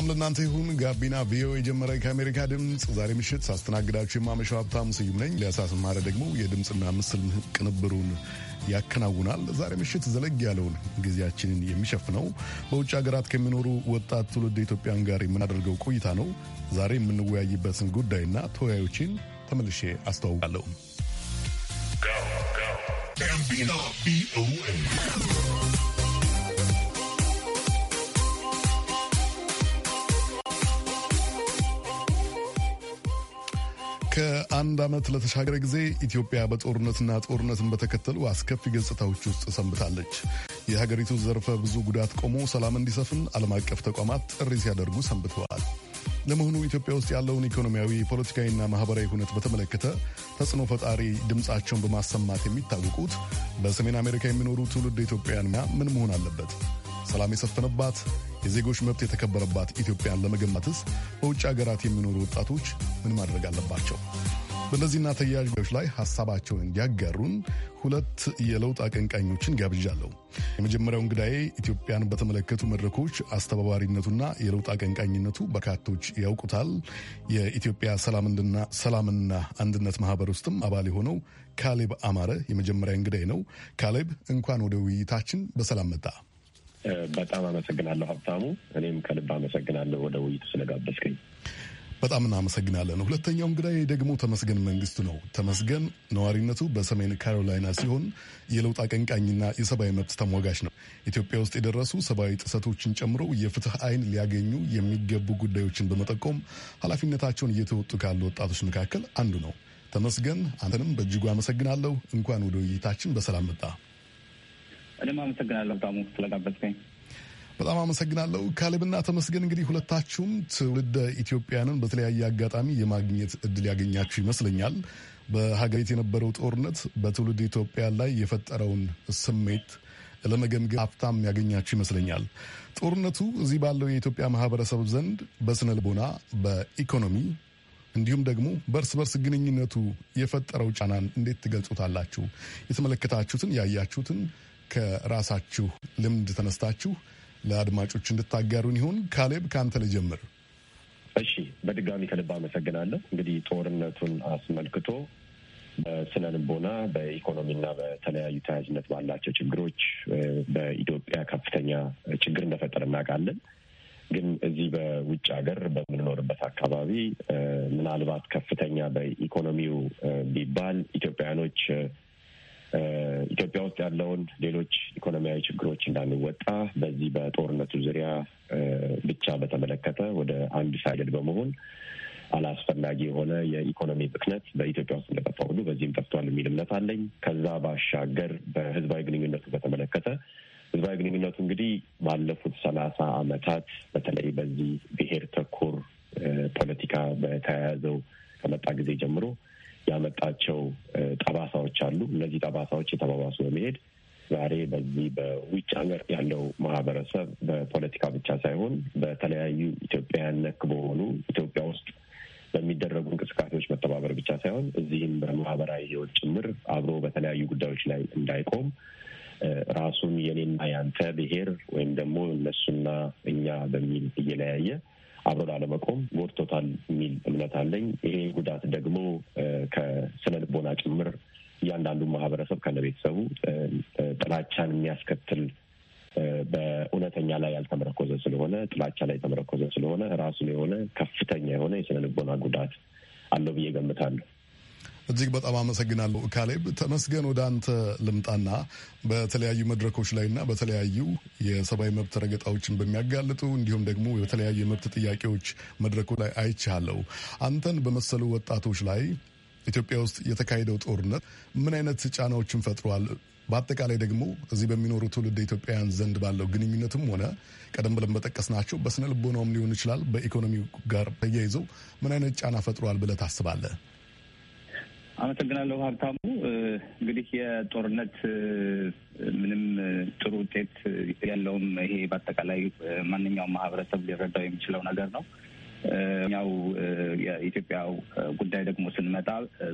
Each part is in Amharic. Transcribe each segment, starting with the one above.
ሰላም ለእናንተ ይሁን። ጋቢና ቪኦኤ የጀመረ ከአሜሪካ ድምፅ ዛሬ ምሽት ሳስተናግዳችሁ የማመሻው ሀብታሙ ስዩም ነኝ። ሊያሳስ ማረ ደግሞ የድምፅና ምስል ቅንብሩን ያከናውናል። ዛሬ ምሽት ዘለግ ያለውን ጊዜያችንን የሚሸፍነው በውጭ ሀገራት ከሚኖሩ ወጣት ትውልድ ኢትዮጵያን ጋር የምናደርገው ቆይታ ነው። ዛሬ የምንወያይበትን ጉዳይና ተወያዮችን ተመልሼ አስተዋውቃለሁ። ጋቢና ቪኦኤ ከአንድ ዓመት ለተሻገረ ጊዜ ኢትዮጵያ በጦርነትና ጦርነትን በተከተሉ አስከፊ ገጽታዎች ውስጥ ሰንብታለች። የሀገሪቱ ዘርፈ ብዙ ጉዳት ቆሞ ሰላም እንዲሰፍን ዓለም አቀፍ ተቋማት ጥሪ ሲያደርጉ ሰንብተዋል። ለመሆኑ ኢትዮጵያ ውስጥ ያለውን ኢኮኖሚያዊ፣ ፖለቲካዊና ማህበራዊ ሁነት በተመለከተ ተጽዕኖ ፈጣሪ ድምፃቸውን በማሰማት የሚታወቁት በሰሜን አሜሪካ የሚኖሩ ትውልድ ኢትዮጵያውያን ምን መሆን አለበት? ሰላም የሰፈነባት የዜጎች መብት የተከበረባት ኢትዮጵያን ለመገንባትስ በውጭ ሀገራት የሚኖሩ ወጣቶች ምን ማድረግ አለባቸው? በእነዚህና ተያያዦች ላይ ሀሳባቸውን እንዲያጋሩን ሁለት የለውጥ አቀንቃኞችን ጋብዣለሁ። የመጀመሪያው እንግዳዬ ኢትዮጵያን በተመለከቱ መድረኮች አስተባባሪነቱና የለውጥ አቀንቃኝነቱ በርካቶች ያውቁታል። የኢትዮጵያ ሰላምና አንድነት ማህበር ውስጥም አባል የሆነው ካሌብ አማረ የመጀመሪያ እንግዳዬ ነው። ካሌብ እንኳን ወደ ውይይታችን በሰላም መጣ። በጣም አመሰግናለሁ ሀብታሙ። እኔም ከልብ አመሰግናለሁ ወደ ውይይቱ ስለጋበዝከኝ። በጣም እናመሰግናለን። ሁለተኛው እንግዳይ ደግሞ ተመስገን መንግስቱ ነው። ተመስገን ነዋሪነቱ በሰሜን ካሮላይና ሲሆን የለውጥ አቀንቃኝና የሰብአዊ መብት ተሟጋች ነው። ኢትዮጵያ ውስጥ የደረሱ ሰብአዊ ጥሰቶችን ጨምሮ የፍትህ አይን ሊያገኙ የሚገቡ ጉዳዮችን በመጠቆም ኃላፊነታቸውን እየተወጡ ካሉ ወጣቶች መካከል አንዱ ነው። ተመስገን አንተንም በእጅጉ አመሰግናለሁ። እንኳን ወደ ውይይታችን በሰላም መጣ። እኔም አመሰግናለሁ ዳሙ ስለጋበዝከኝ። በጣም አመሰግናለሁ ካሌብና ተመስገን። እንግዲህ ሁለታችሁም ትውልደ ኢትዮጵያንን በተለያየ አጋጣሚ የማግኘት እድል ያገኛችሁ ይመስለኛል። በሀገሪት የነበረው ጦርነት በትውልድ ኢትዮጵያ ላይ የፈጠረውን ስሜት ለመገምገም ሀብታም ያገኛችሁ ይመስለኛል። ጦርነቱ እዚህ ባለው የኢትዮጵያ ማህበረሰብ ዘንድ በስነ ልቦና፣ በኢኮኖሚ እንዲሁም ደግሞ በእርስ በርስ ግንኙነቱ የፈጠረው ጫናን እንዴት ትገልጹታላችሁ? የተመለከታችሁትን ያያችሁትን ከራሳችሁ ልምድ ተነስታችሁ ለአድማጮች እንድታጋሩን ይሁን። ካሌብ ከአንተ ልጀምር። እሺ፣ በድጋሚ ከልብ አመሰግናለሁ። እንግዲህ ጦርነቱን አስመልክቶ በስነ ልቦና በኢኮኖሚና በተለያዩ ተያያዥነት ባላቸው ችግሮች በኢትዮጵያ ከፍተኛ ችግር እንደፈጠረ እናውቃለን። ግን እዚህ በውጭ ሀገር በምንኖርበት አካባቢ ምናልባት ከፍተኛ በኢኮኖሚው ቢባል ኢትዮጵያውያኖች ኢትዮጵያ ውስጥ ያለውን ሌሎች ኢኮኖሚያዊ ችግሮች እንዳንወጣ በዚህ በጦርነቱ ዙሪያ ብቻ በተመለከተ ወደ አንድ ሳይደድ በመሆን አላስፈላጊ የሆነ የኢኮኖሚ ብክነት በኢትዮጵያ ውስጥ እንደጠፋ ሁሉ በዚህም ጠፍቷል የሚል እምነት አለኝ። ከዛ ባሻገር በህዝባዊ ግንኙነቱ በተመለከተ ህዝባዊ ግንኙነቱ እንግዲህ ባለፉት ሰላሳ አመታት በተለይ በዚህ ብሔር ተኮር ፖለቲካ በተያያዘው ከመጣ ጊዜ ጀምሮ ያመጣቸው ጠባሳዎች አሉ። እነዚህ ጠባሳዎች የተባባሱ በመሄድ ዛሬ በዚህ በውጭ ሀገር ያለው ማህበረሰብ በፖለቲካ ብቻ ሳይሆን በተለያዩ ኢትዮጵያውያን ነክ በሆኑ ኢትዮጵያ ውስጥ በሚደረጉ እንቅስቃሴዎች መተባበር ብቻ ሳይሆን እዚህም በማህበራዊ ህይወት ጭምር አብሮ በተለያዩ ጉዳዮች ላይ እንዳይቆም ራሱን የኔና ያንተ ብሄር ወይም ደግሞ እነሱና እኛ በሚል እየለያየ አብሮ ላለመቆም ጎድቶታል የሚል እምነት አለኝ። ይሄ ጉዳት ደግሞ ከስነ ልቦና ጭምር እያንዳንዱ ማህበረሰብ ቤተሰቡ ጥላቻን የሚያስከትል በእውነተኛ ላይ ያልተመረኮዘ ስለሆነ ጥላቻ ላይ የተመረኮዘ ስለሆነ ራሱን የሆነ ከፍተኛ የሆነ የስነ ልቦና ጉዳት አለው ብዬ ገምታለሁ። እጅግ በጣም አመሰግናለሁ ካሌብ። ተመስገን ወደ አንተ ልምጣና በተለያዩ መድረኮች ላይና በተለያዩ የሰብአዊ መብት ረገጣዎችን በሚያጋልጡ እንዲሁም ደግሞ በተለያዩ የመብት ጥያቄዎች መድረኩ ላይ አይቻለሁ። አንተን በመሰሉ ወጣቶች ላይ ኢትዮጵያ ውስጥ የተካሄደው ጦርነት ምን አይነት ጫናዎችን ፈጥሯል? በአጠቃላይ ደግሞ እዚህ በሚኖሩ ትውልድ ኢትዮጵያውያን ዘንድ ባለው ግንኙነትም ሆነ ቀደም ብለን በጠቀስናቸው በስነ ልቦናውም ሊሆን ይችላል በኢኮኖሚው ጋር ተያይዘው ምን አይነት ጫና ፈጥሯል ብለህ ታስባለህ? አመሰግናለሁ ሀብታሙ። እንግዲህ የጦርነት ምንም ጥሩ ውጤት ያለውም ይሄ በአጠቃላይ ማንኛውም ማህበረሰብ ሊረዳው የሚችለው ነገር ነው። ያው የኢትዮጵያው ጉዳይ ደግሞ ስንመጣ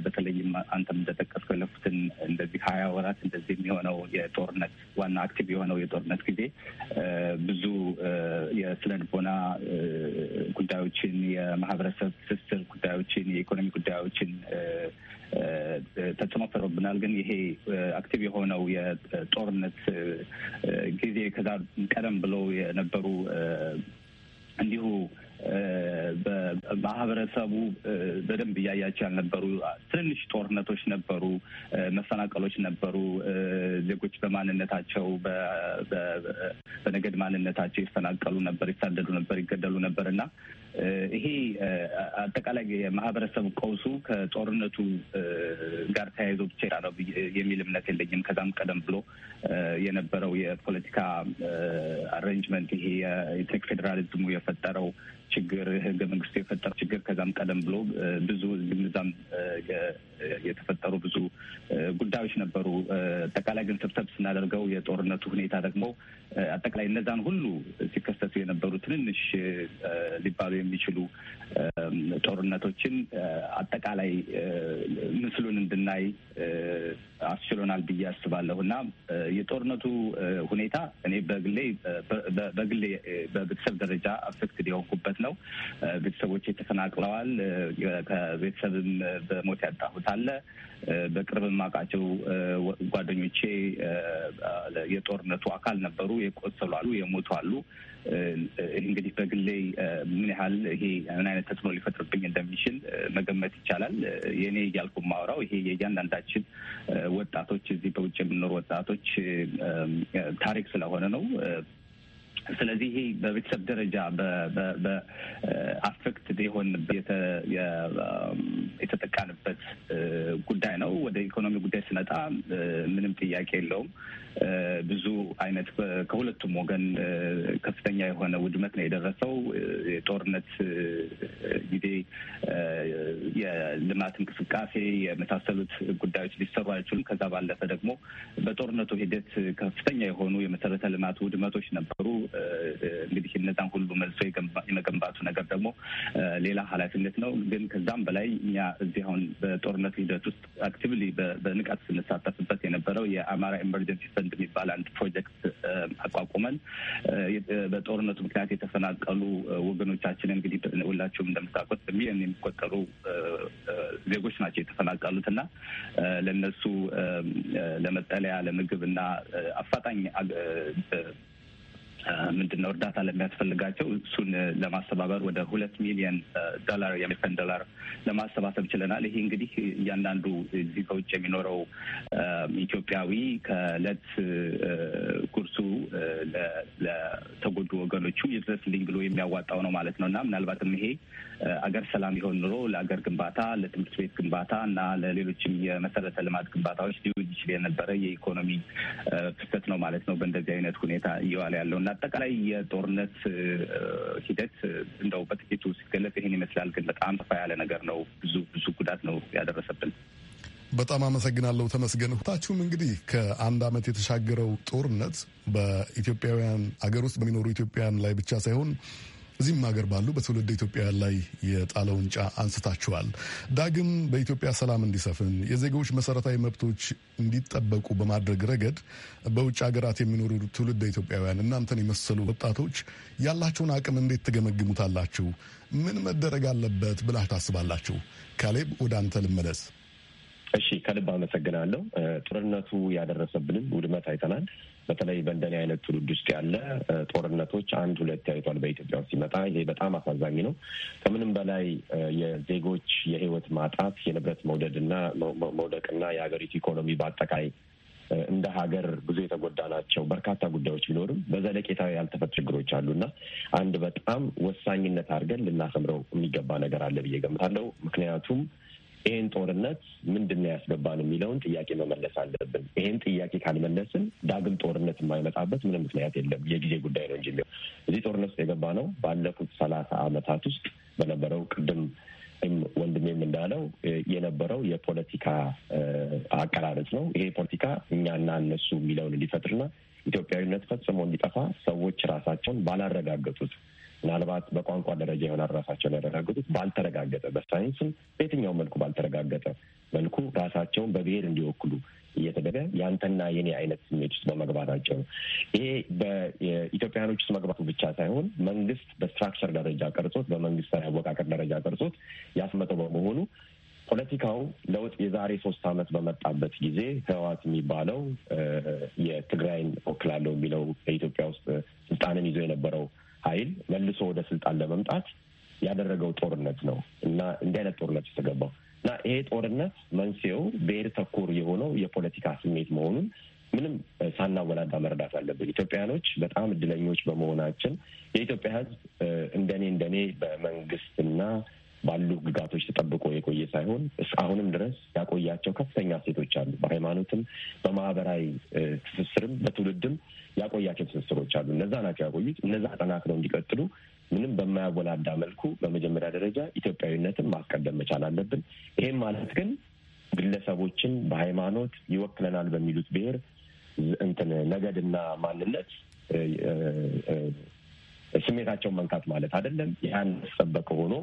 በተለይም አንተም እንደጠቀስከው ያለፉትን እንደዚህ ሀያ ወራት እንደዚህ የሚሆነው የጦርነት ዋና አክቲቭ የሆነው የጦርነት ጊዜ ብዙ የስነ ጉዳዮችን፣ የማህበረሰብ ትስስር ጉዳዮችን፣ የኢኮኖሚ ጉዳዮችን ተጽዕኖ ፈጥሮብናል። ግን ይሄ አክቲቭ የሆነው የጦርነት ጊዜ ከዛ ቀደም ብሎ የነበሩ እንዲሁ በማህበረሰቡ በደንብ እያያቸው ያልነበሩ ትንንሽ ጦርነቶች ነበሩ፣ መፈናቀሎች ነበሩ። ዜጎች በማንነታቸው በነገድ ማንነታቸው ይፈናቀሉ ነበር፣ ይሳደዱ ነበር፣ ይገደሉ ነበር እና ይሄ አጠቃላይ የማህበረሰብ ቀውሱ ከጦርነቱ ጋር ተያይዞ ብቻ ነው የሚል እምነት የለኝም። ከዛም ቀደም ብሎ የነበረው የፖለቲካ አሬንጅመንት ይሄ የቴክ ፌዴራሊዝሙ የፈጠረው ችግር፣ ህገ መንግስቱ የፈጠረው ችግር ከዛም ቀደም ብሎ ብዙ ግንዛም የተፈጠሩ ብዙ ጉዳዮች ነበሩ። አጠቃላይ ግን ሰብሰብ ስናደርገው የጦርነቱ ሁኔታ ደግሞ አጠቃላይ እነዛን ሁሉ ሲከሰቱ የነበሩ ትንንሽ ሊባሉ የሚችሉ ጦርነቶችን አጠቃላይ ምስሉን እንድናይ አስችሎናል ብዬ አስባለሁ እና የጦርነቱ ሁኔታ እኔ በግሌ በግሌ በቤተሰብ ደረጃ አፌክትድ የሆንኩበት ነው። ቤተሰቦች ተፈናቅለዋል። ከቤተሰብም በሞት ያጣሁት አለ። በቅርብ የማውቃቸው ጓደኞቼ የጦርነቱ አካል ነበሩ። የቆሰሉ አሉ፣ የሞቱ አሉ። እንግዲህ በግሌ ምን ያህል ይሄ ምን አይነት ተጽዕኖ ሊፈጥርብኝ እንደሚችል መገመት ይቻላል። የእኔ እያልኩም የማወራው ይሄ የእያንዳንዳችን ወጣቶች እዚህ በውጭ የምንኖር ወጣቶች ታሪክ ስለሆነ ነው። ስለዚህ ይሄ በቤተሰብ ደረጃ በአፌክት ሆን የተጠቃንበት ጉዳይ ነው። ወደ ኢኮኖሚ ጉዳይ ስመጣ ምንም ጥያቄ የለውም። ብዙ አይነት ከሁለቱም ወገን ከፍተኛ የሆነ ውድመት ነው የደረሰው። የጦርነት ጊዜ የልማት እንቅስቃሴ የመሳሰሉት ጉዳዮች ሊሰሩ አይችሉም። ከዛ ባለፈ ደግሞ በጦርነቱ ሂደት ከፍተኛ የሆኑ የመሰረተ ልማት ውድመቶች ነበሩ። እንግዲህ እነዛን ሁሉ መልሶ የመገንባቱ ነገር ደግሞ ሌላ ኃላፊነት ነው። ግን ከዛም በላይ እኛ እዚህ አሁን በጦርነቱ ሂደት ውስጥ አክቲቭሊ በንቃት ስንሳተፍበት የነበረው የአማራ ኤመርጀንሲ ፈንድ የሚባል አንድ ፕሮጀክት አቋቁመን በጦርነቱ ምክንያት የተፈናቀሉ ወገኖቻችን እንግዲህ ሁላችሁም እንደምታውቁት በሚሊዮን የሚቆጠሩ ዜጎች ናቸው የተፈናቀሉት እና ለእነሱ ለመጠለያ፣ ለምግብ እና አፋጣኝ ምንድን ነው እርዳታ ለሚያስፈልጋቸው እሱን ለማስተባበር ወደ ሁለት ሚሊዮን ዶላር የአሜሪካን ዶላር ለማሰባሰብ ችለናል። ይሄ እንግዲህ እያንዳንዱ እዚህ ከውጭ የሚኖረው ኢትዮጵያዊ ከእለት ኩርሱ ለተጎዱ ወገኖቹ ይድረስልኝ ብሎ የሚያዋጣው ነው ማለት ነው እና ምናልባትም ይሄ አገር ሰላም ይሆን ኑሮ ለአገር ግንባታ፣ ለትምህርት ቤት ግንባታ እና ለሌሎችም የመሰረተ ልማት ግንባታዎች ሊውል ይችል የነበረ የኢኮኖሚ ፍሰት ነው ማለት ነው በእንደዚህ አይነት ሁኔታ እየዋለ ያለው እና አጠቃላይ የጦርነት ሂደት እንደው በጥቂቱ ሲገለጽ ይህን ይመስላል። ግን በጣም ሰፋ ያለ ነገር ነው። ብዙ ብዙ ጉዳት ነው ያደረሰብን። በጣም አመሰግናለሁ ተመስገን። ሁታችሁም እንግዲህ ከአንድ ዓመት የተሻገረው ጦርነት በኢትዮጵያውያን አገር ውስጥ በሚኖሩ ኢትዮጵያውያን ላይ ብቻ ሳይሆን እዚህም ሀገር ባሉ በትውልድ ኢትዮጵያውያን ላይ የጣለውን ጫ አንስታችኋል። ዳግም በኢትዮጵያ ሰላም እንዲሰፍን የዜጎች መሰረታዊ መብቶች እንዲጠበቁ በማድረግ ረገድ በውጭ ሀገራት የሚኖሩ ትውልድ ኢትዮጵያውያን እናንተን የመሰሉ ወጣቶች ያላቸውን አቅም እንዴት ትገመግሙታላችሁ? ምን መደረግ አለበት ብላህ ታስባላችሁ? ካሌብ ወደ አንተ ልመለስ። እሺ ከልብ አመሰግናለሁ። ጦርነቱ ያደረሰብንን ውድመት አይተናል። በተለይ በእንደኔ አይነት ትውልድ ውስጥ ያለ ጦርነቶች አንድ ሁለት ታይቷል በኢትዮጵያ ውስጥ ሲመጣ፣ ይሄ በጣም አሳዛኝ ነው። ከምንም በላይ የዜጎች የህይወት ማጣት፣ የንብረት መውደድና መውደቅና የሀገሪቱ ኢኮኖሚ በአጠቃላይ እንደ ሀገር ብዙ የተጎዳ ናቸው። በርካታ ጉዳዮች ቢኖርም በዘለቄታ ያልተፈት ችግሮች አሉና አንድ በጣም ወሳኝነት አድርገን ልናሰምረው የሚገባ ነገር አለ ብዬ ገምታለሁ። ምክንያቱም ይህን ጦርነት ምንድን ነው ያስገባን የሚለውን ጥያቄ መመለስ አለብን። ይህን ጥያቄ ካልመለስን ዳግም ጦርነት የማይመጣበት ምንም ምክንያት የለም። የጊዜ ጉዳይ ነው እንጂ እዚህ ጦርነት ውስጥ የገባ ነው ባለፉት ሰላሳ ዓመታት ውስጥ በነበረው ቅድም ወንድሜም እንዳለው የነበረው የፖለቲካ አቀራረጽ ነው። ይሄ ፖለቲካ እኛና እነሱ የሚለውን እንዲፈጥርና ኢትዮጵያዊነት ፈጽሞ እንዲጠፋ ሰዎች ራሳቸውን ባላረጋገጡት ምናልባት በቋንቋ ደረጃ ይሆናል ራሳቸውን ያረጋገጡት ባልተረጋገጠ፣ በሳይንስም በየትኛው መልኩ ባልተረጋገጠ መልኩ ራሳቸውን በብሄር እንዲወክሉ እየተደረገ ያንተና የኔ አይነት ስሜት ውስጥ በመግባታቸው ነው። ይሄ በኢትዮጵያውያኖች ውስጥ መግባቱ ብቻ ሳይሆን መንግስት በስትራክቸር ደረጃ ቀርጾት፣ በመንግስታዊ አወቃቀር ደረጃ ቀርጾት ያስመጠው በመሆኑ ፖለቲካው ለውጥ የዛሬ ሶስት አመት በመጣበት ጊዜ ህወሓት የሚባለው የትግራይን ወክላለሁ የሚለው በኢትዮጵያ ውስጥ ስልጣንን ይዞ የነበረው ኃይል መልሶ ወደ ስልጣን ለመምጣት ያደረገው ጦርነት ነው እና እንዲህ አይነት ጦርነት የተገባው እና ይሄ ጦርነት መንስኤው ብሔር ተኮር የሆነው የፖለቲካ ስሜት መሆኑን ምንም ሳናወላዳ መረዳት አለብን። ኢትዮጵያውያኖች በጣም እድለኞች በመሆናችን የኢትዮጵያ ሕዝብ እንደኔ እንደኔ በመንግስትና ባሉ ግጋቶች ተጠብቆ የቆየ ሳይሆን አሁንም ድረስ ያቆያቸው ከፍተኛ ሴቶች አሉ። በሃይማኖትም፣ በማህበራዊ ትስስርም፣ በትውልድም ያቆያቸው ትስስሮች አሉ። እነዛ ናቸው ያቆዩት። እነዛ ተጠናክረው እንዲቀጥሉ ምንም በማያወላዳ መልኩ በመጀመሪያ ደረጃ ኢትዮጵያዊነትን ማስቀደም መቻል አለብን። ይህም ማለት ግን ግለሰቦችን በሃይማኖት ይወክለናል በሚሉት ብሔር እንትን ነገድና ማንነት ስሜታቸውን መንካት ማለት አይደለም። ያን ሰበከ ሆኖ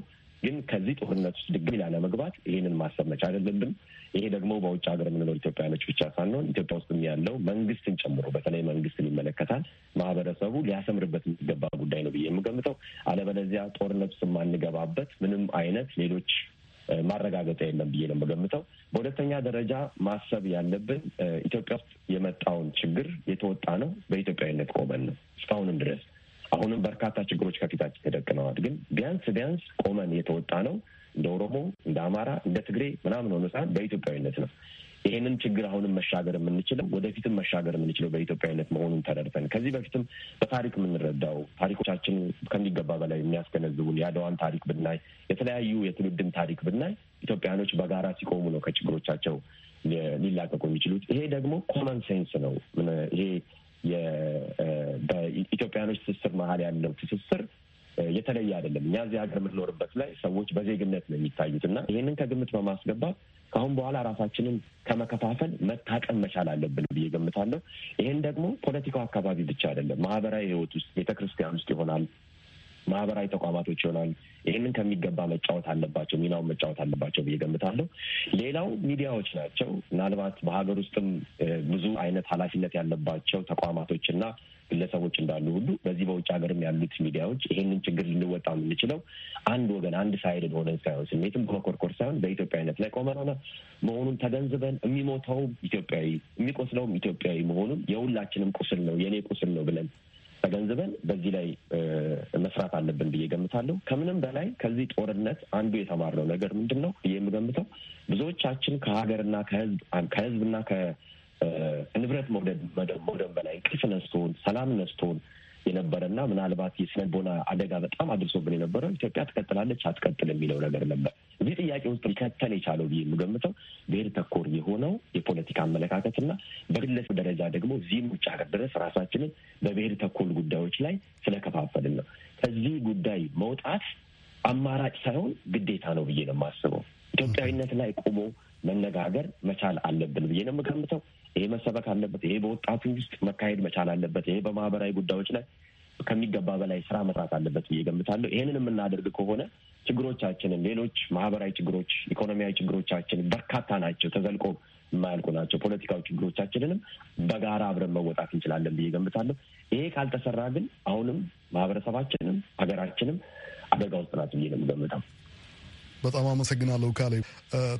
ግን ከዚህ ጦርነት ውስጥ ድግም ላለመግባት ይህንን ማሰብ መቻል አለብን። ይሄ ደግሞ በውጭ ሀገር የምንኖር ኢትዮጵያኖች ብቻ ሳንሆን ኢትዮጵያ ውስጥም ያለው መንግስትን ጨምሮ በተለይ መንግስትን ይመለከታል ማህበረሰቡ ሊያሰምርበት የሚገባ ጉዳይ ነው ብዬ የምገምተው። አለበለዚያ ጦርነት ውስጥ የማንገባበት ምንም አይነት ሌሎች ማረጋገጫ የለም ብዬ ነው የምገምተው። በሁለተኛ ደረጃ ማሰብ ያለብን ኢትዮጵያ ውስጥ የመጣውን ችግር የተወጣ ነው በኢትዮጵያዊነት ቆመን ነው እስካሁንም ድረስ አሁንም በርካታ ችግሮች ከፊታችን ተደቅነዋል። ግን ቢያንስ ቢያንስ ቆመን የተወጣ ነው እንደ ኦሮሞ፣ እንደ አማራ፣ እንደ ትግሬ ምናምን ሆነ ሳይሆን በኢትዮጵያዊነት ነው። ይህንን ችግር አሁንም መሻገር የምንችለው ወደፊትም መሻገር የምንችለው በኢትዮጵያዊነት መሆኑን ተረድተን ከዚህ በፊትም በታሪክ የምንረዳው ታሪኮቻችን ከሚገባ በላይ የሚያስገነዝቡን የአድዋን ታሪክ ብናይ፣ የተለያዩ የትውልድን ታሪክ ብናይ ኢትዮጵያኖች በጋራ ሲቆሙ ነው ከችግሮቻቸው ሊላቀቁ የሚችሉት። ይሄ ደግሞ ኮመን ሴንስ ነው። ይሄ በኢትዮጵያኖች ትስስር መሀል ያለው ትስስር የተለየ አይደለም። እኛ እዚህ ሀገር የምንኖርበት ላይ ሰዎች በዜግነት ነው የሚታዩት እና ይህንን ከግምት በማስገባት ከአሁን በኋላ ራሳችንን ከመከፋፈል መታቀም መቻል አለብን ብዬ ገምታለሁ። ይህን ደግሞ ፖለቲካው አካባቢ ብቻ አይደለም፣ ማህበራዊ ህይወት ውስጥ ቤተክርስቲያን ውስጥ ይሆናል፣ ማህበራዊ ተቋማቶች ይሆናል። ይህንን ከሚገባ መጫወት አለባቸው፣ ሚናውን መጫወት አለባቸው ብዬ ገምታለሁ። ሌላው ሚዲያዎች ናቸው። ምናልባት በሀገር ውስጥም ብዙ አይነት ኃላፊነት ያለባቸው ተቋማቶችና ግለሰቦች እንዳሉ ሁሉ በዚህ በውጭ ሀገርም ያሉት ሚዲያዎች ይህንን ችግር ልንወጣ የምንችለው አንድ ወገን አንድ ሳይድ በሆነ ሳይሆን ስሜትም በመኮርኮር ሳይሆን በኢትዮጵያዊነት ላይ ቆመናና መሆኑን ተገንዝበን የሚሞተውም ኢትዮጵያዊ የሚቆስለውም ኢትዮጵያዊ መሆኑን የሁላችንም ቁስል ነው የእኔ ቁስል ነው ብለን ተገንዝበን በዚህ ላይ መስራት አለብን ብዬ ገምታለሁ። ከምንም በላይ ከዚህ ጦርነት አንዱ የተማርነው ነገር ምንድን ነው ብዬ የምገምተው ብዙዎቻችን ከሀገርና ከህዝብ ከህዝብና ከንብረት መውደድ በላይ እንቅልፍ ነስቶን ሰላም ነስቶን የነበረና ምናልባት የስነቦና አደጋ በጣም አድርሶብን የነበረ ኢትዮጵያ ትቀጥላለች አትቀጥል የሚለው ነገር ነበር። እዚህ ጥያቄ ውስጥ ሊከተል የቻለው ብዬ የምገምተው ብሔር ተኮር የሆነው የፖለቲካ አመለካከትና በግለሰብ ደረጃ ደግሞ እዚህም ውጭ ሀገር ድረስ ራሳችንን በብሔር ተኮር ጉዳዮች ላይ ስለከፋፈልን ነው። ከዚህ ጉዳይ መውጣት አማራጭ ሳይሆን ግዴታ ነው ብዬ ነው የማስበው። ኢትዮጵያዊነት ላይ ቆሞ መነጋገር መቻል አለብን ብዬ ነው የምገምተው። ይሄ መሰበክ አለበት። ይሄ በወጣቱ ውስጥ መካሄድ መቻል አለበት። ይሄ በማህበራዊ ጉዳዮች ላይ ከሚገባ በላይ ስራ መስራት አለበት ብዬ ገምታለሁ። የምናደርግ ከሆነ ችግሮቻችንን፣ ሌሎች ማህበራዊ ችግሮች፣ ኢኮኖሚያዊ ችግሮቻችን በርካታ ናቸው፣ ተዘልቆ የማያልቁ ናቸው። ፖለቲካዊ ችግሮቻችንንም በጋራ አብረን መወጣት እንችላለን ብዬ ገምታለሁ። ይሄ ካልተሰራ ግን አሁንም ማህበረሰባችንም ሀገራችንም አደጋ ውስጥ ናት ብዬ ነው የምገምተው። በጣም አመሰግናለሁ ካሌ።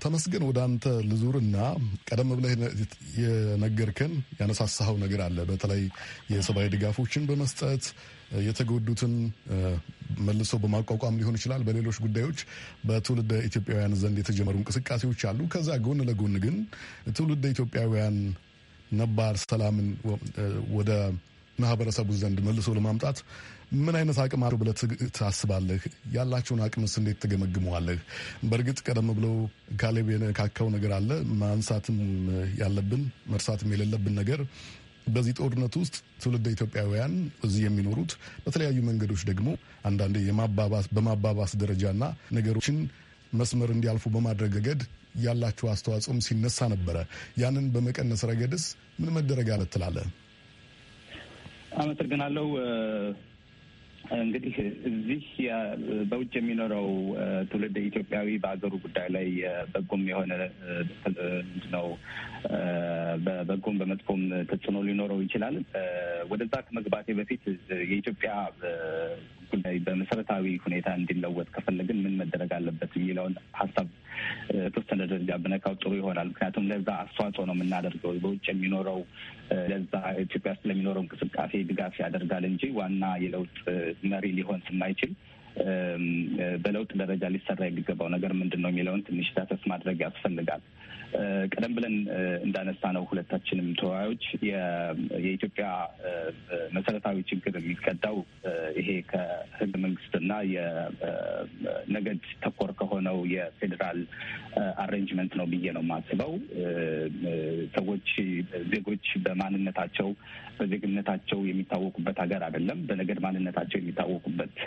ተመስገን ወደ አንተ ልዙርና ቀደም ብለህ የነገርከን ያነሳሳኸው ነገር አለ። በተለይ የሰብአዊ ድጋፎችን በመስጠት የተጎዱትን መልሶ በማቋቋም ሊሆን ይችላል። በሌሎች ጉዳዮች በትውልደ ኢትዮጵያውያን ዘንድ የተጀመሩ እንቅስቃሴዎች አሉ። ከዛ ጎን ለጎን ግን ትውልደ ኢትዮጵያውያን ነባር ሰላምን ወደ ማህበረሰቡ ዘንድ መልሶ ለማምጣት ምን አይነት አቅም አሉ ብለህ ታስባለህ? ያላቸውን አቅምስ እንዴት ትገመግመዋለህ? በእርግጥ ቀደም ብለው ካሌብ የነካካው ነገር አለ። ማንሳትም ያለብን መርሳትም የሌለብን ነገር በዚህ ጦርነት ውስጥ ትውልደ ኢትዮጵያውያን እዚህ የሚኖሩት በተለያዩ መንገዶች ደግሞ አንዳንዴ በማባባስ ደረጃና ነገሮችን መስመር እንዲያልፉ በማድረግ ረገድ ያላችሁ አስተዋጽኦም ሲነሳ ነበረ። ያንን በመቀነስ ረገድስ ምን መደረግ አለ ትላለህ? አመሰግናለሁ። እንግዲህ እዚህ በውጭ የሚኖረው ትውልድ ኢትዮጵያዊ በሀገሩ ጉዳይ ላይ በጎም የሆነ ነው በበጎም በመጥፎም ተጽዕኖ ሊኖረው ይችላል። ወደዛ ከመግባቴ በፊት የኢትዮጵያ ጉዳይ በመሰረታዊ ሁኔታ እንዲለወጥ ከፈለግን ምን መደረግ አለበት የሚለውን ሀሳብ የተወሰነ ደረጃ ብነካው ጥሩ ይሆናል። ምክንያቱም ለዛ አስተዋጽኦ ነው የምናደርገው። በውጭ የሚኖረው ለዛ ኢትዮጵያ ውስጥ ለሚኖረው እንቅስቃሴ ድጋፍ ያደርጋል እንጂ ዋና የለውጥ መሪ ሊሆን ስማይችል በለውጥ ደረጃ ሊሰራ የሚገባው ነገር ምንድን ነው የሚለውን ትንሽ ዳሰስ ማድረግ ያስፈልጋል። ቀደም ብለን እንዳነሳ ነው ሁለታችንም ተወያዮች የኢትዮጵያ መሰረታዊ ችግር የሚቀዳው ይሄ ከህገ መንግስትና የነገድ ተኮር ከሆነው የፌዴራል አሬንጅመንት ነው ብዬ ነው የማስበው። ሰዎች ዜጎች በማንነታቸው በዜግነታቸው የሚታወቁበት ሀገር አይደለም። በነገድ ማንነታቸው የሚታወቁበት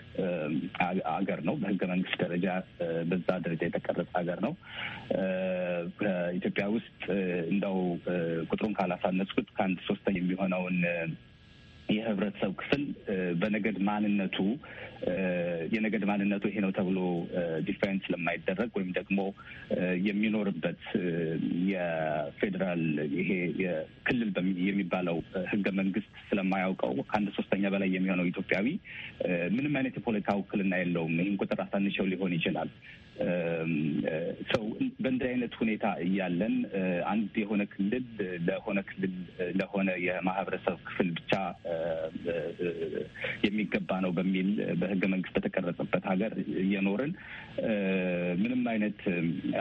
ሀገር ነው። በህገ መንግስት ደረጃ በዛ ደረጃ የተቀረጸ ሀገር ነው። ኢትዮጵያ ውስጥ እንደው ቁጥሩን ካላሳነስኩት ከአንድ ሶስተኛ የሚሆነውን የህብረተሰብ ክፍል በነገድ ማንነቱ የነገድ ማንነቱ ይሄ ነው ተብሎ ዲፋይን ስለማይደረግ ወይም ደግሞ የሚኖርበት የፌዴራል ይሄ የክልል የሚባለው ህገ መንግስት ስለማያውቀው ከአንድ ሶስተኛ በላይ የሚሆነው ኢትዮጵያዊ ምንም አይነት የፖለቲካ ውክልና የለውም። ይህን ቁጥር አሳንሸው ሊሆን ይችላል። ሰው በእንዲህ አይነት ሁኔታ እያለን አንድ የሆነ ክልል ለሆነ ክልል ለሆነ የማህበረሰብ ክፍል ብቻ የሚገባ ነው በሚል በህገ መንግስት በተቀረጸበት ሀገር እየኖርን ምንም አይነት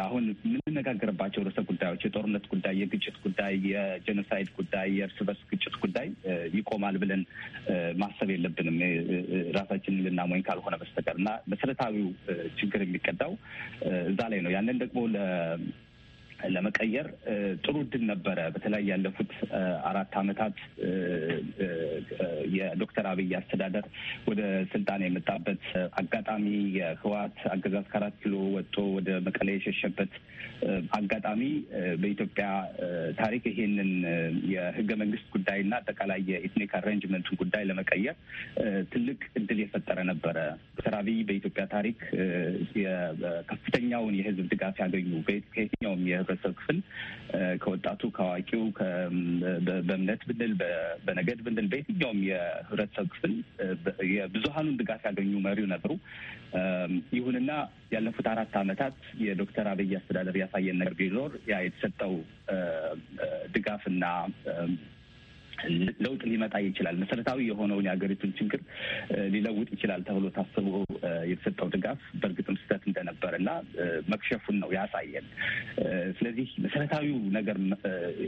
አሁን የምንነጋገርባቸው ርዕሰ ጉዳዮች የጦርነት ጉዳይ፣ የግጭት ጉዳይ፣ የጀኖሳይድ ጉዳይ፣ የእርስ በርስ ግጭት ጉዳይ ይቆማል ብለን ማሰብ የለብንም ራሳችንን ልናሞኝ ካልሆነ በስተቀር እና መሰረታዊው ችግር የሚቀዳው እዛ ላይ ነው። ያንን ደግሞ ለመቀየር ጥሩ እድል ነበረ። በተለይ ያለፉት አራት ዓመታት የዶክተር አብይ አስተዳደር ወደ ስልጣን የመጣበት አጋጣሚ የህወሓት አገዛዝ ከአራት ኪሎ ወጥቶ ወደ መቀሌ የሸሸበት አጋጣሚ በኢትዮጵያ ታሪክ ይሄንን የህገ መንግስት ጉዳይና አጠቃላይ የኢትኒክ አሬንጅመንቱን ጉዳይ ለመቀየር ትልቅ እድል የፈጠረ ነበረ። ዶክተር አብይ በኢትዮጵያ ታሪክ ከፍተኛውን የህዝብ ድጋፍ ያገኙ ከየትኛውም ህብረተሰብ ክፍል ከወጣቱ፣ ከአዋቂው፣ በእምነት ብንል፣ በነገድ ብንል፣ በየትኛውም የህብረተሰብ ክፍል የብዙሀኑን ድጋፍ ያገኙ መሪው ነበሩ። ይሁንና ያለፉት አራት አመታት የዶክተር አብይ አስተዳደር ያሳየን ነገር ቢኖር ያ የተሰጠው ድጋፍና ለውጥ ሊመጣ ይችላል፣ መሰረታዊ የሆነውን የሀገሪቱን ችግር ሊለውጥ ይችላል ተብሎ ታስቦ የተሰጠው ድጋፍ በእርግጥም ስህተት እንደነበር እና መክሸፉን ነው ያሳየን። ስለዚህ መሰረታዊው ነገር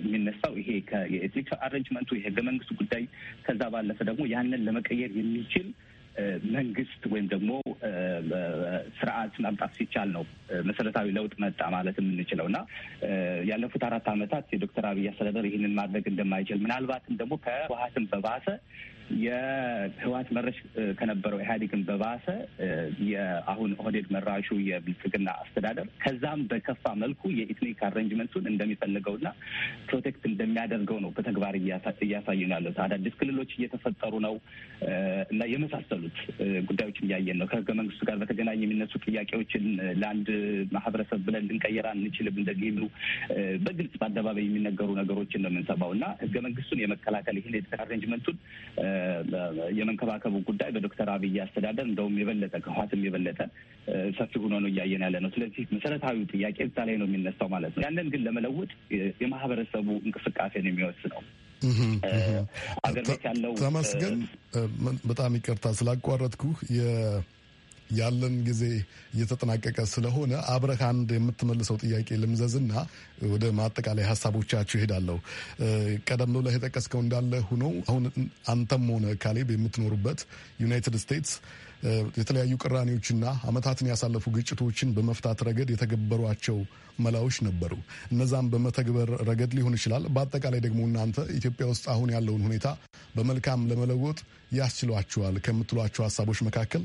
የሚነሳው ይሄ የኤትኒክ አሬንጅመንቱ የህገ መንግስቱ ጉዳይ ከዛ ባለፈ ደግሞ ያንን ለመቀየር የሚችል መንግስት ወይም ደግሞ ስርዓት ማምጣት ሲቻል ነው መሰረታዊ ለውጥ መጣ ማለት የምንችለው እና ያለፉት አራት ዓመታት የዶክተር አብይ አስተዳደር ይህንን ማድረግ እንደማይችል ምናልባትም ደግሞ ከህወሓትም በባሰ የህወሓት መረሽ ከነበረው ኢህአዴግን በባሰ የአሁን ኦህዴድ መራሹ የብልጽግና አስተዳደር ከዛም በከፋ መልኩ የኢትኒክ አሬንጅመንቱን እንደሚፈልገውና ፕሮቴክት እንደሚያደርገው ነው በተግባር እያሳየን ያሉት። አዳዲስ ክልሎች እየተፈጠሩ ነው እና የመሳሰሉት ጉዳዮች እያየን ነው። ከህገ መንግስቱ ጋር በተገናኘ የሚነሱ ጥያቄዎችን ለአንድ ማህበረሰብ ብለን ልንቀይር አንችልም እንደሚሉ በግልጽ በአደባባይ የሚነገሩ ነገሮችን ነው የምንሰማው እና ህገ መንግስቱን የመከላከል ይህን አሬንጅመንቱን የመንከባከቡ ጉዳይ በዶክተር አብይ አስተዳደር እንደውም የበለጠ ከህዋትም የበለጠ ሰፊ ሆኖ ነው እያየን ያለ ነው። ስለዚህ መሰረታዊ ጥያቄ እዛ ላይ ነው የሚነሳው ማለት ነው። ያንን ግን ለመለወጥ የማህበረሰቡ እንቅስቃሴ ነው የሚወስነው። አገር ቤት ያለው ተመስገን፣ በጣም ይቅርታ ስላቋረጥኩ ያለን ጊዜ እየተጠናቀቀ ስለሆነ አብረህ አንድ የምትመልሰው ጥያቄ ልምዘዝና ወደ ማጠቃላይ ሀሳቦቻችሁ ይሄዳለሁ። ቀደም ላይ የጠቀስከው እንዳለ ሆኖ አሁን አንተም ሆነ ካሌብ የምትኖሩበት ዩናይትድ ስቴትስ የተለያዩ ቅራኔዎችና አመታትን ያሳለፉ ግጭቶችን በመፍታት ረገድ የተገበሯቸው መላዎች ነበሩ። እነዛም በመተግበር ረገድ ሊሆን ይችላል። በአጠቃላይ ደግሞ እናንተ ኢትዮጵያ ውስጥ አሁን ያለውን ሁኔታ በመልካም ለመለወጥ ያስችሏችኋል ከምትሏቸው ሀሳቦች መካከል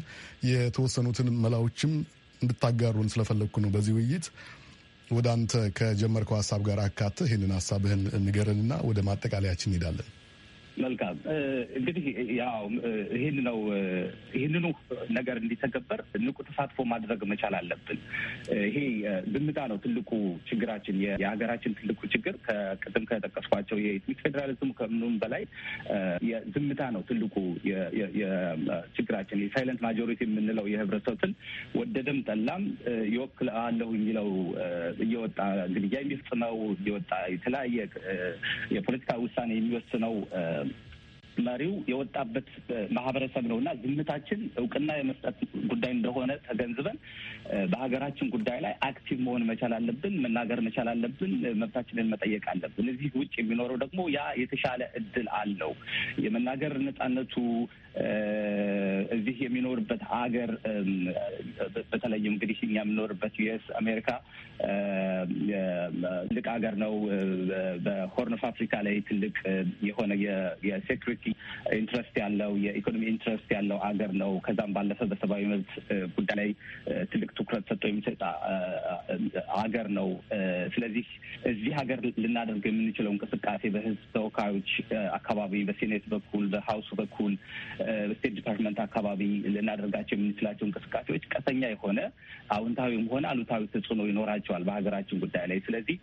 የተወሰኑትን መላዎችም እንድታጋሩን ስለፈለግኩ ነው። በዚህ ውይይት ወደ አንተ ከጀመርከው ሀሳብ ጋር አካተህ ይህንን ሀሳብህን ንገረንና ወደ ማጠቃለያችን እንሄዳለን። መልካም እንግዲህ ያው ይህን ነው ይህንኑ ነገር እንዲተገበር ንቁ ተሳትፎ ማድረግ መቻል አለብን። ይሄ ዝምታ ነው ትልቁ ችግራችን፣ የሀገራችን ትልቁ ችግር ከቅድም ከጠቀስኳቸው የኢትኒክ ፌዴራሊዝም ከምኑም በላይ ዝምታ ነው ትልቁ ችግራችን። የሳይለንት ማጆሪቲ የምንለው የህብረተሰብን ወደደም ጠላም አለሁ የሚለው እየወጣ ግድያ የሚፈጽመው እየወጣ የተለያየ የፖለቲካ ውሳኔ የሚወስነው መሪው የወጣበት ማህበረሰብ ነው እና ዝምታችን እውቅና የመስጠት ጉዳይ እንደሆነ ተገንዝበን በሀገራችን ጉዳይ ላይ አክቲቭ መሆን መቻል አለብን፣ መናገር መቻል አለብን፣ መብታችንን መጠየቅ አለብን። እዚህ ውጭ የሚኖረው ደግሞ ያ የተሻለ እድል አለው። የመናገር ነጻነቱ እዚህ የሚኖርበት ሀገር በተለይ እንግዲህ እኛ የምኖርበት ዩኤስ አሜሪካ ትልቅ ሀገር ነው። በሆርን ኦፍ አፍሪካ ላይ ትልቅ የሆነ የሴኩሪቲ የፖለቲ ኢንትረስት ያለው የኢኮኖሚ ኢንትረስት ያለው አገር ነው። ከዛም ባለፈ በሰብአዊ መብት ጉዳይ ላይ ትልቅ ትኩረት ሰጥቶ የሚሰጥ አገር ነው። ስለዚህ እዚህ ሀገር ልናደርግ የምንችለው እንቅስቃሴ በህዝብ ተወካዮች አካባቢ፣ በሴኔት በኩል፣ በሀውሱ በኩል፣ በስቴት ዲፓርትመንት አካባቢ ልናደርጋቸው የምንችላቸው እንቅስቃሴዎች ቀጥተኛ የሆነ አዎንታዊም ሆነ አሉታዊ ተጽዕኖ ይኖራቸዋል በሀገራችን ጉዳይ ላይ ስለዚህ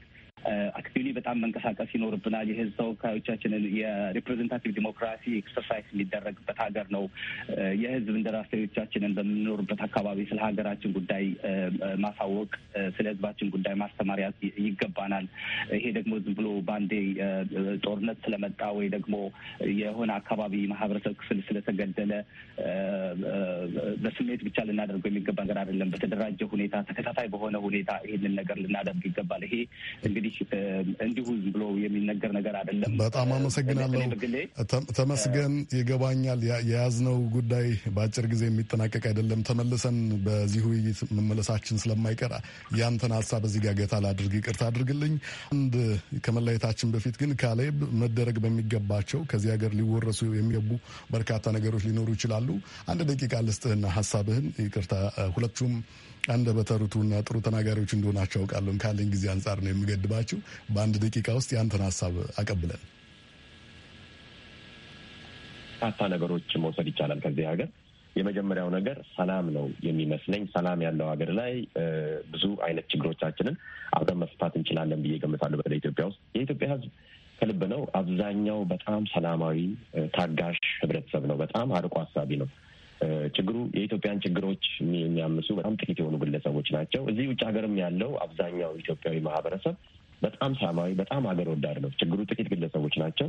አክቲቭሊ በጣም መንቀሳቀስ ይኖርብናል። የህዝብ ተወካዮቻችንን የሪፕሬዘንታቲቭ ዲሞክራሲ ኤክሰርሳይዝ የሚደረግበት ሀገር ነው። የህዝብ እንደራሴዎቻችንን በምንኖርበት አካባቢ ስለ ሀገራችን ጉዳይ ማሳወቅ፣ ስለ ህዝባችን ጉዳይ ማስተማሪያ ይገባናል። ይሄ ደግሞ ዝም ብሎ በአንዴ ጦርነት ስለመጣ ወይ ደግሞ የሆነ አካባቢ ማህበረሰብ ክፍል ስለተገደለ በስሜት ብቻ ልናደርገው የሚገባ ነገር አይደለም። በተደራጀ ሁኔታ፣ ተከታታይ በሆነ ሁኔታ ይህንን ነገር ልናደርግ ይገባል። ይሄ እንግዲህ እንግዲህ እንዲሁ ብሎ የሚነገር ነገር አይደለም። በጣም አመሰግናለሁ ተመስገን። ይገባኛል የያዝነው ጉዳይ በአጭር ጊዜ የሚጠናቀቅ አይደለም። ተመልሰን በዚህ ውይይት መመለሳችን ስለማይቀር ያንተን ሀሳብ እዚህ ጋር ገታ ላድርግ፣ ይቅርታ አድርግልኝ። አንድ ከመለየታችን በፊት ግን ካሌብ መደረግ በሚገባቸው ከዚህ ሀገር ሊወረሱ የሚገቡ በርካታ ነገሮች ሊኖሩ ይችላሉ። አንድ ደቂቃ ልስጥህና ሀሳብህን ይቅርታ ሁለቱም አንድ በተሩቱና ጥሩ ተናጋሪዎች እንደሆናችሁ አውቃለሁ። ካለኝ ጊዜ አንጻር ነው የምገድባችሁ። በአንድ ደቂቃ ውስጥ ያንተን ሀሳብ አቀብለን በርካታ ነገሮች መውሰድ ይቻላል ከዚህ ሀገር። የመጀመሪያው ነገር ሰላም ነው የሚመስለኝ። ሰላም ያለው ሀገር ላይ ብዙ አይነት ችግሮቻችንን አብረን መፍታት እንችላለን ብዬ ገምታለሁ። በተለይ ኢትዮጵያ ውስጥ የኢትዮጵያ ሕዝብ ከልብ ነው። አብዛኛው በጣም ሰላማዊ ታጋሽ ህብረተሰብ ነው። በጣም አርቆ አሳቢ ነው። ችግሩ የኢትዮጵያን ችግሮች የሚያምሱ በጣም ጥቂት የሆኑ ግለሰቦች ናቸው። እዚህ ውጭ ሀገርም ያለው አብዛኛው ኢትዮጵያዊ ማህበረሰብ በጣም ሰላማዊ፣ በጣም ሀገር ወዳድ ነው። ችግሩ ጥቂት ግለሰቦች ናቸው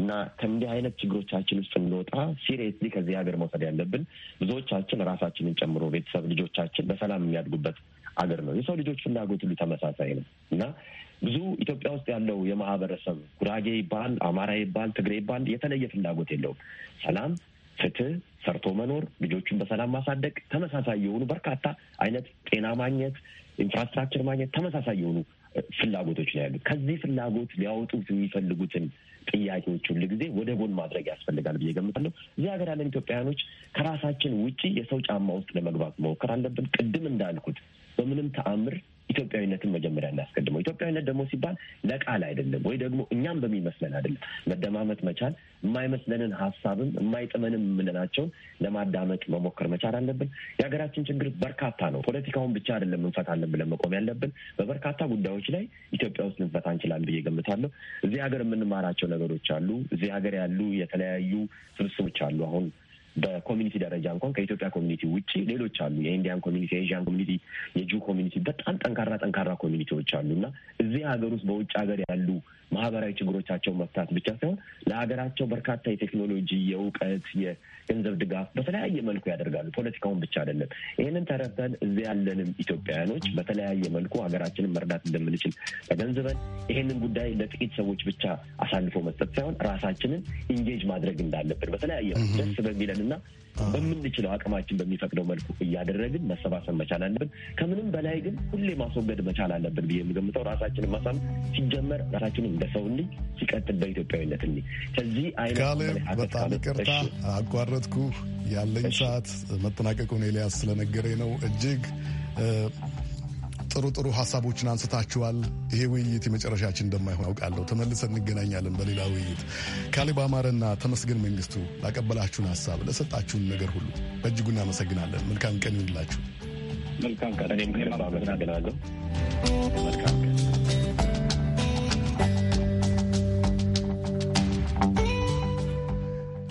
እና ከእንዲህ አይነት ችግሮቻችን ውስጥ እንወጣ ሲሪየስሊ ከዚህ ሀገር መውሰድ ያለብን ብዙዎቻችን ራሳችንን ጨምሮ ቤተሰብ፣ ልጆቻችን በሰላም የሚያድጉበት ሀገር ነው። የሰው ልጆች ፍላጎት ሁሉ ተመሳሳይ ነው እና ብዙ ኢትዮጵያ ውስጥ ያለው የማህበረሰብ ጉራጌ ይባል፣ አማራ ይባል፣ ትግሬ ይባል የተለየ ፍላጎት የለውም። ሰላም ፍትህ፣ ሰርቶ መኖር፣ ልጆችን በሰላም ማሳደግ፣ ተመሳሳይ የሆኑ በርካታ አይነት ጤና ማግኘት፣ ኢንፍራስትራክቸር ማግኘት ተመሳሳይ የሆኑ ፍላጎቶች ነው ያሉት። ከዚህ ፍላጎት ሊያወጡት የሚፈልጉትን ጥያቄዎች ሁሉ ጊዜ ወደ ጎን ማድረግ ያስፈልጋል ብዬ ገምታለሁ። እዚህ ሀገር ያለን ኢትዮጵያውያኖች ከራሳችን ውጪ የሰው ጫማ ውስጥ ለመግባት መሞከር አለብን። ቅድም እንዳልኩት በምንም ተአምር ኢትዮጵያዊነትን መጀመሪያ እናስቀድመው። ኢትዮጵያዊነት ደግሞ ሲባል ለቃል አይደለም፣ ወይ ደግሞ እኛም በሚመስለን አይደለም። መደማመጥ መቻል፣ የማይመስለንን ሀሳብም የማይጥመንም የምንላቸውን ለማዳመጥ መሞከር መቻል አለብን። የሀገራችን ችግር በርካታ ነው። ፖለቲካውን ብቻ አይደለም እንፈታለን ብለን መቆም ያለብን። በበርካታ ጉዳዮች ላይ ኢትዮጵያ ውስጥ ልንፈታ እንችላለን ብዬ ገምታለሁ። እዚህ ሀገር የምንማራቸው ነገሮች አሉ። እዚህ ሀገር ያሉ የተለያዩ ስብስቦች አሉ አሁን በኮሚኒቲ ደረጃ እንኳን ከኢትዮጵያ ኮሚኒቲ ውጭ ሌሎች አሉ። የኢንዲያን ኮሚኒቲ፣ የኤዥያን ኮሚኒቲ፣ የጁ ኮሚኒቲ በጣም ጠንካራ ጠንካራ ኮሚኒቲዎች አሉ እና እዚህ ሀገር ውስጥ በውጭ ሀገር ያሉ ማህበራዊ ችግሮቻቸውን መፍታት ብቻ ሳይሆን ለሀገራቸው በርካታ የቴክኖሎጂ፣ የእውቀት፣ የገንዘብ ድጋፍ በተለያየ መልኩ ያደርጋሉ። ፖለቲካውን ብቻ አይደለም። ይህንን ተረተን እዚ ያለንም ኢትዮጵያውያኖች በተለያየ መልኩ ሀገራችንን መርዳት እንደምንችል ተገንዝበን ይህንን ጉዳይ ለጥቂት ሰዎች ብቻ አሳልፎ መስጠት ሳይሆን ራሳችንን ኢንጌጅ ማድረግ እንዳለብን በተለያየ ደስ በሚለን እና በምንችለው አቅማችን በሚፈቅደው መልኩ እያደረግን መሰባሰብ መቻል አለብን። ከምንም በላይ ግን ሁሌ ማስወገድ መቻል አለብን ብዬ የምገምጠው ራሳችንን ማሳም ሲጀመር ራሳችንን እንደ ሰው እንይ፣ ሲቀጥል በኢትዮጵያዊነት እንይ። ከዚህ አይነት በጣም ይቅርታ አቋረጥኩ። ያለኝ ሰዓት መጠናቀቁን ኤልያስ ስለነገረኝ ነው እጅግ ጥሩ ጥሩ ሀሳቦችን አንስታችኋል። ይሄ ውይይት የመጨረሻችን እንደማይሆን አውቃለሁ። ተመልሰን እንገናኛለን በሌላ ውይይት። ካሌብ አማረና ተመስገን መንግስቱ ላቀበላችሁን ሀሳብ፣ ለሰጣችሁን ነገር ሁሉ በእጅጉ እናመሰግናለን። መልካም ቀን ይሁንላችሁ።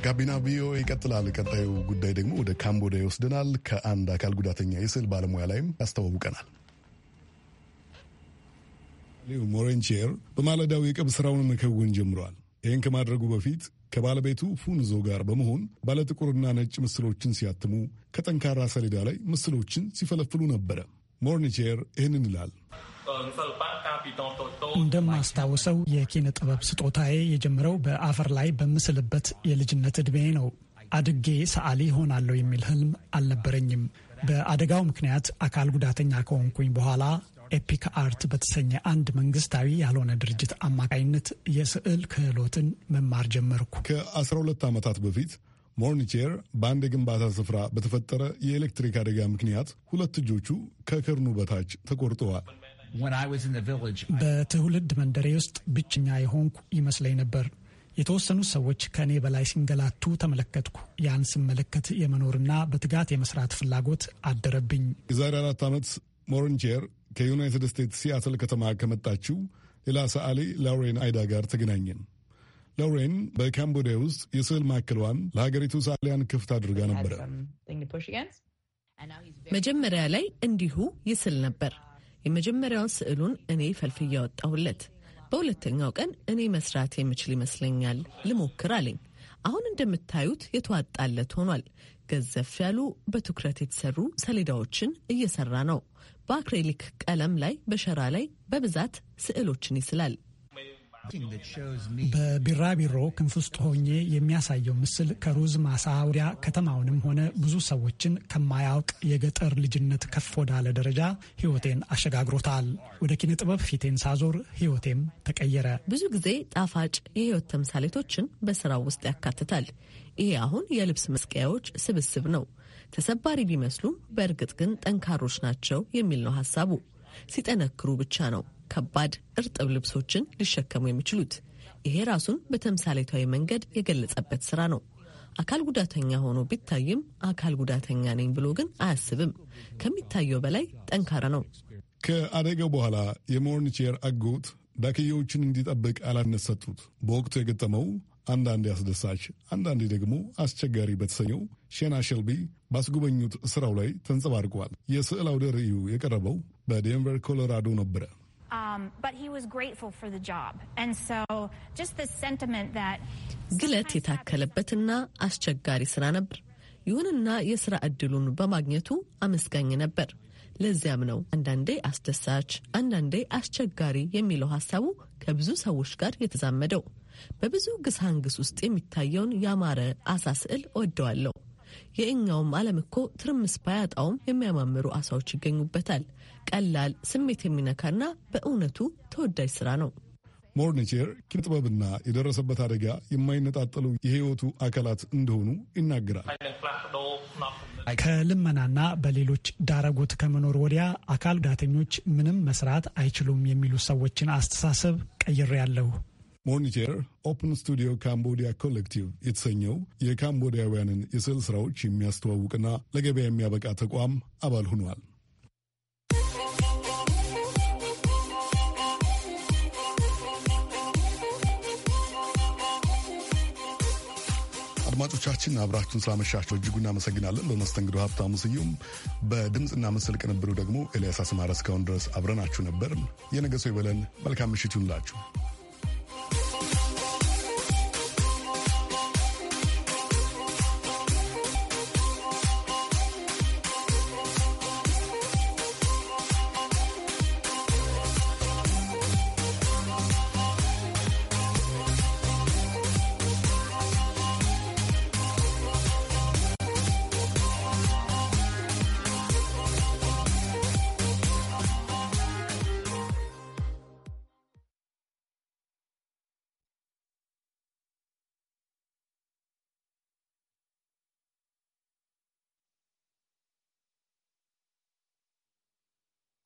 ጋቢና ቪኦኤ ይቀጥላል። ቀጣዩ ጉዳይ ደግሞ ወደ ካምቦዲያ ይወስደናል። ከአንድ አካል ጉዳተኛ የስዕል ባለሙያ ላይም ያስተዋውቀናል። ሊው ሞሬንቼር በማለዳው የቀብ ስራውን መከወን ጀምረዋል። ይህን ከማድረጉ በፊት ከባለቤቱ ፉንዞ ጋር በመሆን ባለጥቁርና ነጭ ምስሎችን ሲያትሙ፣ ከጠንካራ ሰሌዳ ላይ ምስሎችን ሲፈለፍሉ ነበረ። ሞርኒቼር ይህንን ይላል። እንደማስታውሰው የኪነ ጥበብ ስጦታዬ የጀመረው በአፈር ላይ በምስልበት የልጅነት ዕድሜ ነው። አድጌ ሰዓሊ ሆናለሁ የሚል ህልም አልነበረኝም። በአደጋው ምክንያት አካል ጉዳተኛ ከሆንኩኝ በኋላ ኤፒክ አርት በተሰኘ አንድ መንግስታዊ ያልሆነ ድርጅት አማካይነት የስዕል ክህሎትን መማር ጀመርኩ። ከ12 ዓመታት በፊት ሞርኒቼር በአንድ የግንባታ ስፍራ በተፈጠረ የኤሌክትሪክ አደጋ ምክንያት ሁለት እጆቹ ከክርኑ በታች ተቆርጠዋል። በትውልድ መንደሬ ውስጥ ብቸኛ የሆንኩ ይመስለኝ ነበር። የተወሰኑ ሰዎች ከእኔ በላይ ሲንገላቱ ተመለከትኩ። ያን ስመለከት የመኖርና በትጋት የመስራት ፍላጎት አደረብኝ። የዛሬ አራት ዓመት ሞርኒቼር ከዩናይትድ ስቴትስ ሲያትል ከተማ ከመጣችው ሌላ ሰዓሊ ላውሬን አይዳ ጋር ተገናኘን። ላውሬን በካምቦዲያ ውስጥ የስዕል ማዕከሏን ለሀገሪቱ ሰዓሊያን ክፍት አድርጋ ነበረ። መጀመሪያ ላይ እንዲሁ ይስል ነበር። የመጀመሪያውን ስዕሉን እኔ ፈልፍ እያወጣሁለት፣ በሁለተኛው ቀን እኔ መስራት የምችል ይመስለኛል ልሞክር አለኝ። አሁን እንደምታዩት የተዋጣለት ሆኗል። ገዘፍ ያሉ በትኩረት የተሰሩ ሰሌዳዎችን እየሰራ ነው። በአክሬሊክ ቀለም ላይ በሸራ ላይ በብዛት ስዕሎችን ይስላል። በቢራቢሮ ክንፍ ውስጥ ሆኜ የሚያሳየው ምስል ከሩዝ ማሳውሪያ ከተማውንም ሆነ ብዙ ሰዎችን ከማያውቅ የገጠር ልጅነት ከፍ ወዳለ ደረጃ ህይወቴን አሸጋግሮታል። ወደ ኪነ ጥበብ ፊቴን ሳዞር ህይወቴም ተቀየረ። ብዙ ጊዜ ጣፋጭ የህይወት ተምሳሌቶችን በስራው ውስጥ ያካትታል። ይሄ አሁን የልብስ መስቀያዎች ስብስብ ነው። ተሰባሪ ቢመስሉም በእርግጥ ግን ጠንካሮች ናቸው የሚል ነው ሀሳቡ። ሲጠነክሩ ብቻ ነው ከባድ እርጥብ ልብሶችን ሊሸከሙ የሚችሉት። ይሄ ራሱን በተምሳሌታዊ መንገድ የገለጸበት ስራ ነው። አካል ጉዳተኛ ሆኖ ቢታይም አካል ጉዳተኛ ነኝ ብሎ ግን አያስብም። ከሚታየው በላይ ጠንካራ ነው። ከአደጋው በኋላ የሞርኒቼር አጎት ዳክዬዎችን እንዲጠብቅ ኃላፊነት ሰጡት። በወቅቱ የገጠመው አንዳንዴ አስደሳች፣ አንዳንዴ ደግሞ አስቸጋሪ በተሰኘው ሼና ሸልቢ ባስጎበኙት ስራው ላይ ተንጸባርቋል። የስዕል አውደ ርዕዩ የቀረበው በዴንቨር ኮሎራዶ ነበረ። um, ግለት የታከለበትና አስቸጋሪ ስራ ነበር። ይሁንና የስራ እድሉን በማግኘቱ አመስጋኝ ነበር። ለዚያም ነው አንዳንዴ አስደሳች፣ አንዳንዴ አስቸጋሪ የሚለው ሀሳቡ ከብዙ ሰዎች ጋር የተዛመደው። በብዙ ግስሃንግስ ውስጥ የሚታየውን ያማረ አሳ ስዕል እወደዋለሁ። የእኛውም ዓለም እኮ ትርምስ ባያጣውም የሚያማምሩ አሳዎች ይገኙበታል። ቀላል ስሜት የሚነካና በእውነቱ ተወዳጅ ስራ ነው። ሞርኒቼር ጥበብና የደረሰበት አደጋ የማይነጣጠሉ የህይወቱ አካላት እንደሆኑ ይናገራል። ከልመናና በሌሎች ዳረጎት ከመኖር ወዲያ አካል ጉዳተኞች ምንም መስራት አይችሉም የሚሉ ሰዎችን አስተሳሰብ ቀይሬ ያለሁ ሞኒቴር ኦፕን ስቱዲዮ ካምቦዲያ ኮሌክቲቭ የተሰኘው የካምቦዲያውያንን የስዕል ስራዎች የሚያስተዋውቅና ለገበያ የሚያበቃ ተቋም አባል ሆኗል። አድማጮቻችን አብራችሁን ስላመሻችሁ እጅጉ እናመሰግናለን። በመስተንግዶ ሀብታሙ ስዩም፣ በድምፅና ምስል ቅንብሩ ደግሞ ኤልያስ አስማረ። እስካሁን ድረስ አብረናችሁ ነበር። የነገ ሰው ይበለን። መልካም ምሽት ይሁንላችሁ።